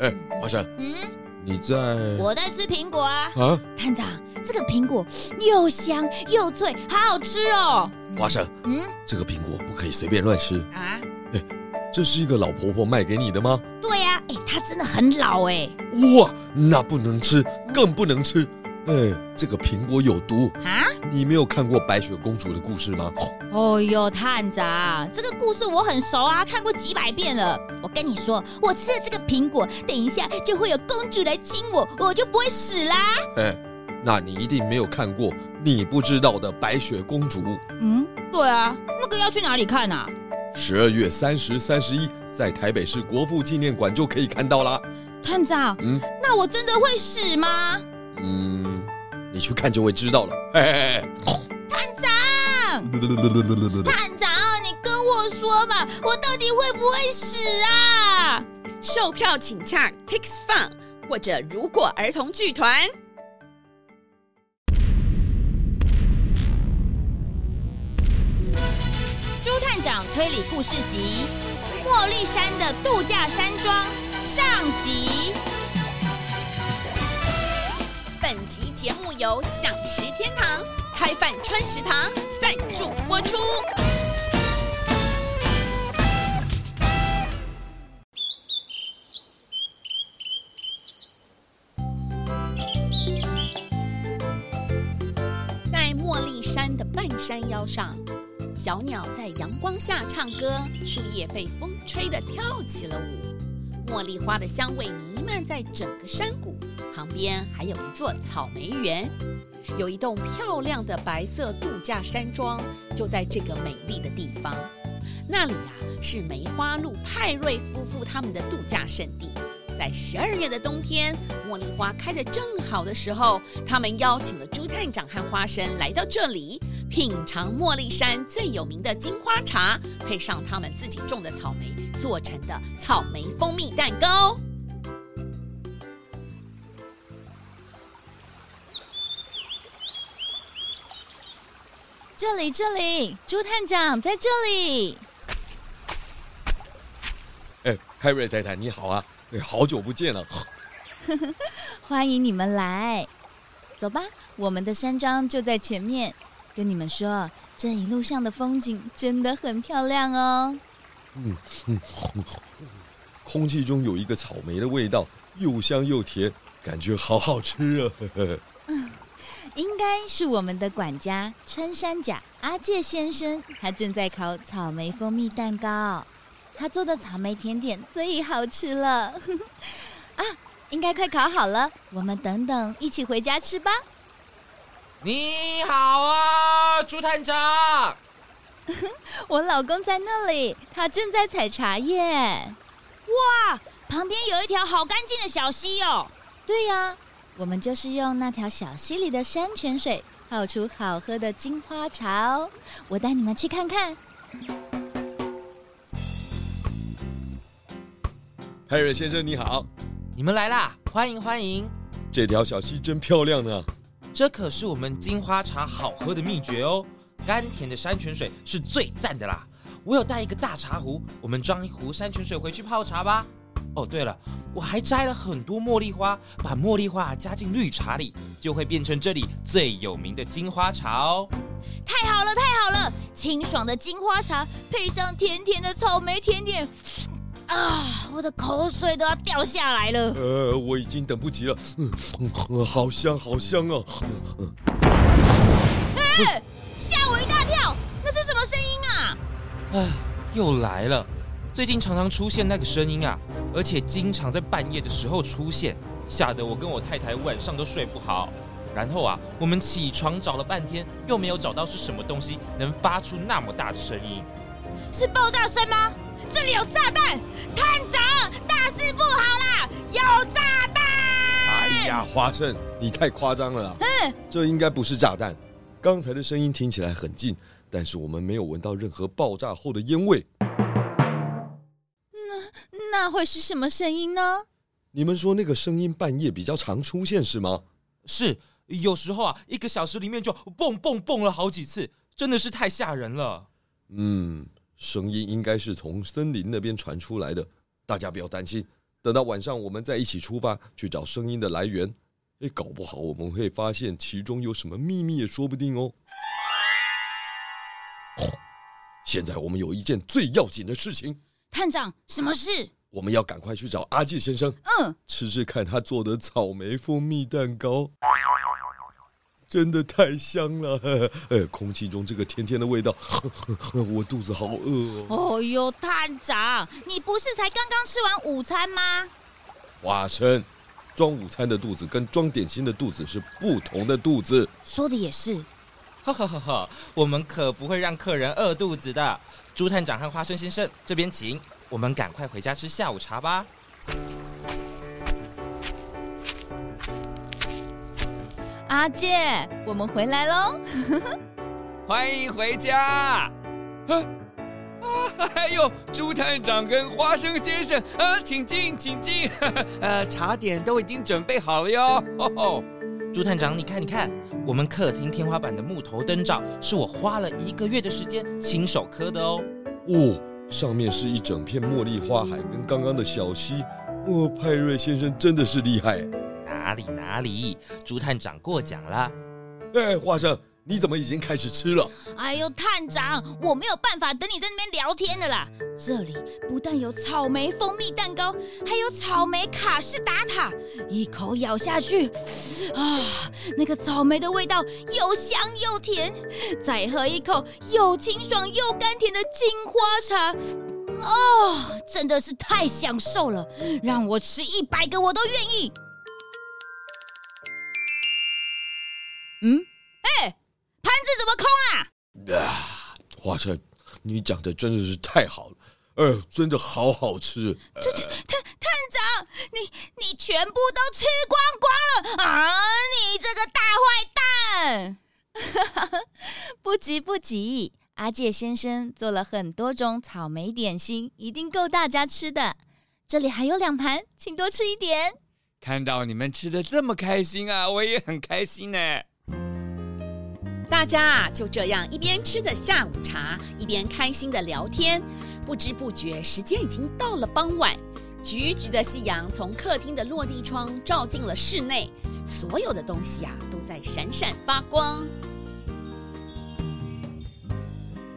哎、嗯，花生，嗯，你在？我在吃蘋果啊。啊，探長，這個蘋果又香又脆，好好吃哦。花生，嗯，這個蘋果不可以隨便亂吃啊。哎、欸，這是一個老婆婆賣給你的嗎？對呀、啊，哎、欸，她真的很老哎、欸。哇，那不能吃，更不能吃。哎、欸，這個蘋果有毒啊？你沒有看過白雪公主的故事嗎？哦呦，探長，這個故事我很熟啊，看過幾百遍了。跟你說，我吃了這個蘋果，等一下就會有公主來親我，我就不會死啦。嘿，那你一定沒有看過你不知道的白雪公主。嗯，對啊，那個要去哪裡看啊？十二月三十、三十一，在台北市國父紀念館就可以看到啦。探長，嗯，那我真的會死嗎？嗯，你去看就會知道了。嘿嘿嘿嘿，探長，探長。說嘛，我到底會不會死啊？售票請洽 Tix Fun，或者如果兒童劇團。豬探長推理故事集《茉莉山的度假山莊》上集。本集節目由饗食天堂、開飯川食堂贊助播出。山腰上，小鳥在陽光下唱歌，樹葉被風吹得跳起了舞。茉莉花的香味瀰漫在整個山谷，旁邊還有一座草莓園，有一棟漂亮的白色度假山莊就在這個美麗的地方。那裡啊，是梅花鹿派瑞夫婦他們的度假勝地。在十二月的冬天，茉莉花開得正好的時候，他們邀請了豬探長和花生來到這裡。品嚐茉莉山最有名的金花茶，配上他們自己種的草莓做成的草莓蜂蜜蛋糕。這裡，這裡，豬探長在這裡。哎，派瑞太太你好啊，哎，好久不見了！ 歡迎你們來，走吧，我們的山莊就在前面。跟你們說，這一路上的風景真的很漂亮哦。嗯嗯，空氣中有一個草莓的味道，又香又甜，感覺好好吃啊。呵呵。嗯，應該是我們的管家穿山甲阿介先生，他正在烤草莓蜂蜜蛋糕。他做的草莓甜點最好吃了。呵呵。啊，應該快烤好了，我們等等一起回家吃吧。你好啊，豬探長。 我老公在那裡，他正在採茶葉。哇，旁邊有一條好乾淨的小溪哦。對呀、啊，我們就是用那條小溪裡的山泉水泡出好喝的金花茶哦。我帶你們去看看。派瑞先生，你好。你們來啦，歡迎歡迎。這條小溪真漂亮呢。這可是我們金花茶好喝的祕訣哦，甘甜的山泉水是最讚的啦。我有帶一個大茶壺，我們裝一壺山泉水回去泡茶吧。哦，對了，我還摘了很多茉莉花，把茉莉花加進綠茶裡，就會變成這裡最有名的金花茶哦。太好了，太好了，清爽的金花茶配上甜甜的草莓甜點。啊！我的口水都要掉下來了。呃，我已經等不及了，嗯，嗯嗯，好香，好香啊，嗯嗯！哎，嚇我一大跳，那是什麼聲音啊？哎，又來了，最近常常出現那個聲音啊，而且經常在半夜的時候出現，嚇得我跟我太太晚上都睡不好。然後啊，我們起床找了半天，又沒有找到是什麼東西能發出那麼大的聲音，是爆炸聲嗎？這裡有炸彈，探長，大事不好啦！有炸彈！哎呀，花生，你太誇張了。嗯，這應該不是炸彈。剛才的聲音聽起來很近，但是我們沒有聞到任何爆炸後的煙味。那那會是什麼聲音呢？你們說那個聲音半夜比較常出現是嗎？是，有時候啊，一個小時裡面就蹦蹦蹦了好幾次，真的是太嚇人了。嗯。聲音應該是從森林那邊傳出來的，大家不要擔心。等到晚上，我們再一起出發去找聲音的來源。哎，搞不好我們會發現其中有什麼秘密也說不定哦。哦，現在我們有一件最要緊的事情，探長，什麼事？啊，我們要趕快去找阿健先生，嗯，吃吃看他做的草莓蜂蜜蛋糕。真的太香了，哎，空氣中這個甜甜的味道，呵呵呵，我肚子好餓哦。哎、哦、呦，探長，你不是才剛剛吃完午餐嗎？花生，裝午餐的肚子跟裝點心的肚子是不同的肚子。說的也是，呵呵呵呵，我們可不會讓客人餓肚子的。豬探長和花生先生，這邊請，我們趕快回家吃下午茶吧。阿健，我們回來嘍！ 歡迎回家！啊，啊還有豬探長跟花生先生呃、啊，請進，請進呵呵！呃，茶點都已經準備好了喲。豬探長，你看，你看，我們客廳天花板的木頭燈罩是我花了一個月的時間親手刻的哦。哦，上面是一整片茉莉花海跟剛剛的小溪。哦，派瑞先生真的是厲害。哪裡哪裡，豬探長過獎了。哎、欸，花生，你怎麼已經開始吃了？哎呦，探長，我沒有辦法等你在那邊聊天的啦。這裡不但有草莓蜂蜜蛋糕，還有草莓卡士達塔。一口咬下去，啊，那個草莓的味道，又香又甜。再喝一口又清爽又甘甜的金花茶，啊、哦，真的是太享受了。讓我吃一百個我都願意。嗯，哎、欸，盤子怎麼空啊？啊，花生，你講的真的是太好了，哎、呃，真的好好吃。呃、這探探探長，你你全部都吃光光了啊！你這個大壞蛋！ 不急不急，阿介先生做了很多種草莓點心，一定夠大家吃的。這裡還有兩盤，請多吃一點。看到你們吃的這麼開心啊，我也很開心呢、啊。大家啊，就這樣一邊吃著下午茶，一邊開心的聊天，不知不覺時間已經到了傍晚。橘橘的夕陽從客廳的落地窗照進了室內，所有的東西啊都在閃閃發光。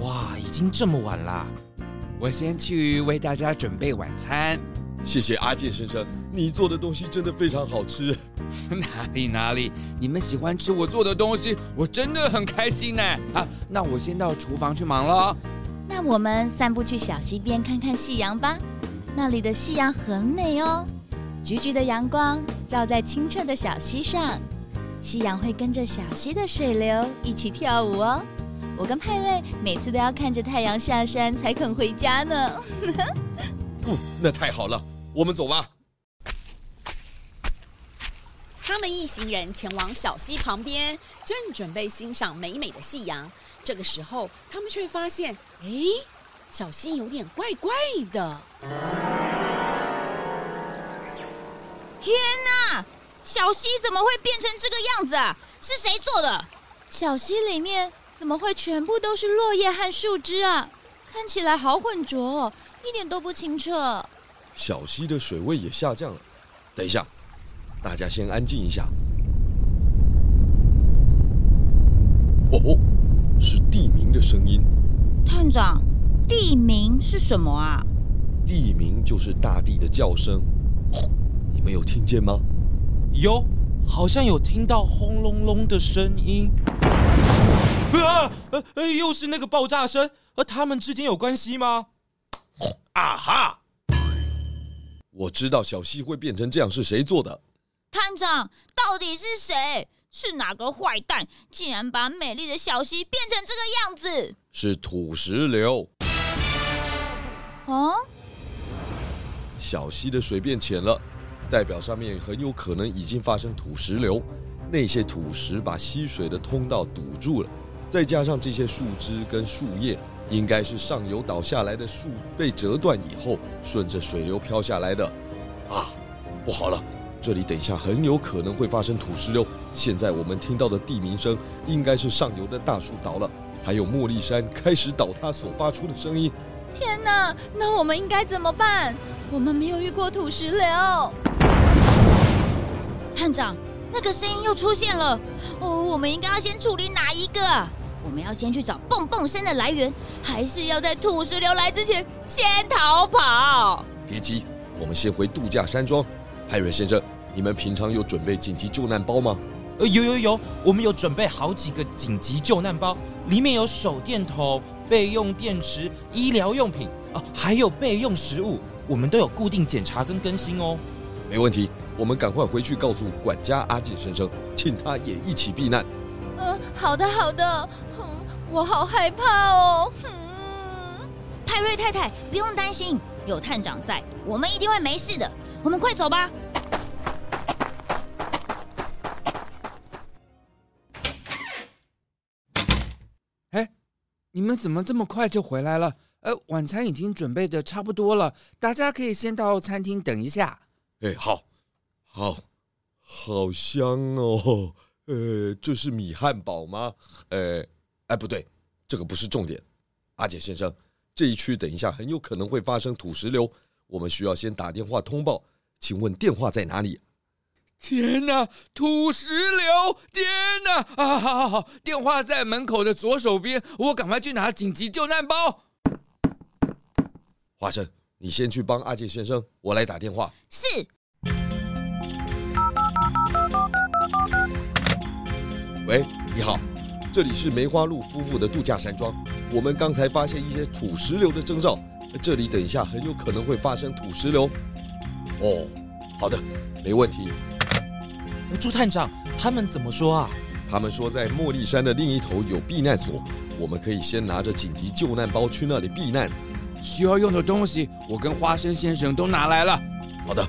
哇，已經這麼晚了，我先去為大家準備晚餐。謝謝阿健先生，你做的東西真的非常好吃。哪裡哪裡，你們喜歡吃我做的東西，我真的很開心呢、啊。啊，那我先到廚房去忙了。那我們散步去小溪邊看看夕陽吧，那裡的夕陽很美哦。橘橘的陽光照在清澈的小溪上，夕陽會跟着小溪的水流一起跳舞哦。我跟派瑞每次都要看着太陽下山才肯回家呢。 哦，那太好了。我們走吧。他們一行人前往小溪旁邊，正準備欣賞美美的夕陽。這個時候，他們卻發現，哎，小溪有點怪怪的。天哪！小溪怎麼會變成這個樣子啊？是誰做的？小溪裡面怎麼會全部都是落葉和樹枝啊？看起來好渾濁，哦，一點都不清澈。小溪的水位也下降了。等一下，大家先安靜一下。哦，是地鳴的聲音。探長，地鳴是什麼啊？地鳴就是大地的叫聲。你們有聽見嗎？有，好像有聽到轟隆隆的聲音。啊！呃，又是那個爆炸聲，和他們之間有關係嗎？啊哈！我知道小溪會變成這樣是誰做的，探長？到底是誰？是哪個壞蛋竟然把美麗的小溪變成這個樣子？是土石流。哦，小溪的水變淺了，代表上面很有可能已經發生土石流。那些土石把溪水的通道堵住了，再加上這些樹枝跟樹葉。應該是上游倒下來的樹被折斷以後，順着水流飄下來的。啊，不好了，這裡等一下很有可能會發生土石流。現在我們聽到的地鳴聲，應該是上游的大樹倒了，還有茉莉山開始倒塌所發出的聲音。天哪，那我們應該怎麼辦？我們沒有遇過土石流。探長，那個聲音又出現了。哦，我們應該要先處理哪一個？我們要先去找蹦蹦聲的來源，還是要在土石流來之前先逃跑？別急，我們先回度假山莊。派瑞先生，你們平常有準備緊急救難包嗎？呃，有有有，我們有準備好幾個緊急救難包，裡面有手電筒、備用電池、醫療用品啊，還有備用食物，我們都有固定檢查跟更新哦。沒問題，我們趕快回去告訴管家阿健先生，請他也一起避難。嗯，呃，好的好的，嗯，我好害怕哦，嗯。派瑞太太，不用擔心，有探長在，我們一定會沒事的。我們快走吧。哎，你們怎麼這麼快就回來了？呃，晚餐已經準備得差不多了，大家可以先到餐廳等一下。哎，好，好，好香哦。呃，這是米漢堡嗎？呃，哎，不對，這個不是重點。阿杰先生，這一區等一下很有可能會發生土石流，我們需要先打電話通報。請問電話在哪裡？天哪，土石流！天哪！啊，好好好，電話在門口的左手邊，我趕快去拿緊急救難包。花生，你先去幫阿杰先生，我來打電話。是。哎、欸，你好，這裡是梅花鹿夫婦的度假山莊。我們剛才發現一些土石流的徵兆，這裡等一下很有可能會發生土石流。哦，好的，沒問題。豬探長，他們怎麼說啊？他們說在茉莉山的另一頭有避難所，我們可以先拿着緊急救難包去那裡避難。需要用的東西，我跟花生先生都拿來了。好的，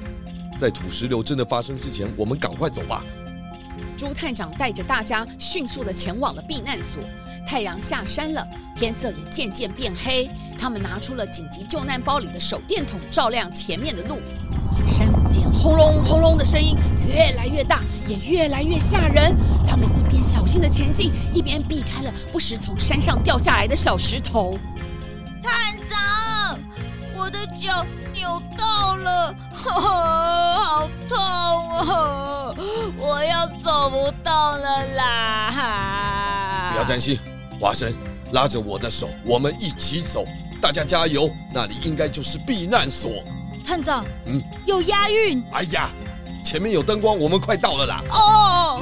在土石流真的發生之前，我們趕快走吧。朱探長帶着大家迅速地前往了避難所。太陽下山了，天色也漸漸變黑。他們拿出了緊急救難包裡的手電筒，照亮前面的路。山間轟隆轟隆的聲音越來越大，也越來越嚇人。他們一邊小心地前進，一邊避開了不時從山上掉下來的小石頭。探長，我的腳扭到了，呵呵好痛！Oh, 我要走不動了啦！不要擔心，花生，拉着我的手，我們一起走。大家加油，那裡應該就是避難所。探長，嗯，有押韻。哎呀，前面有燈光，我們快到了啦！哦、oh.，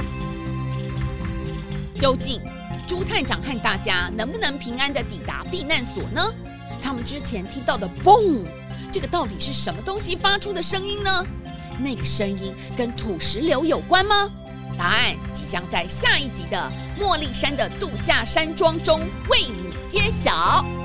究竟豬探長和大家能不能平安地抵達避難所呢？他們之前聽到的嘣，這個到底是什麼東西發出的聲音呢？那個聲音跟土石流有關嗎？答案即將在下一集的茉莉山的度假山莊中為你揭曉。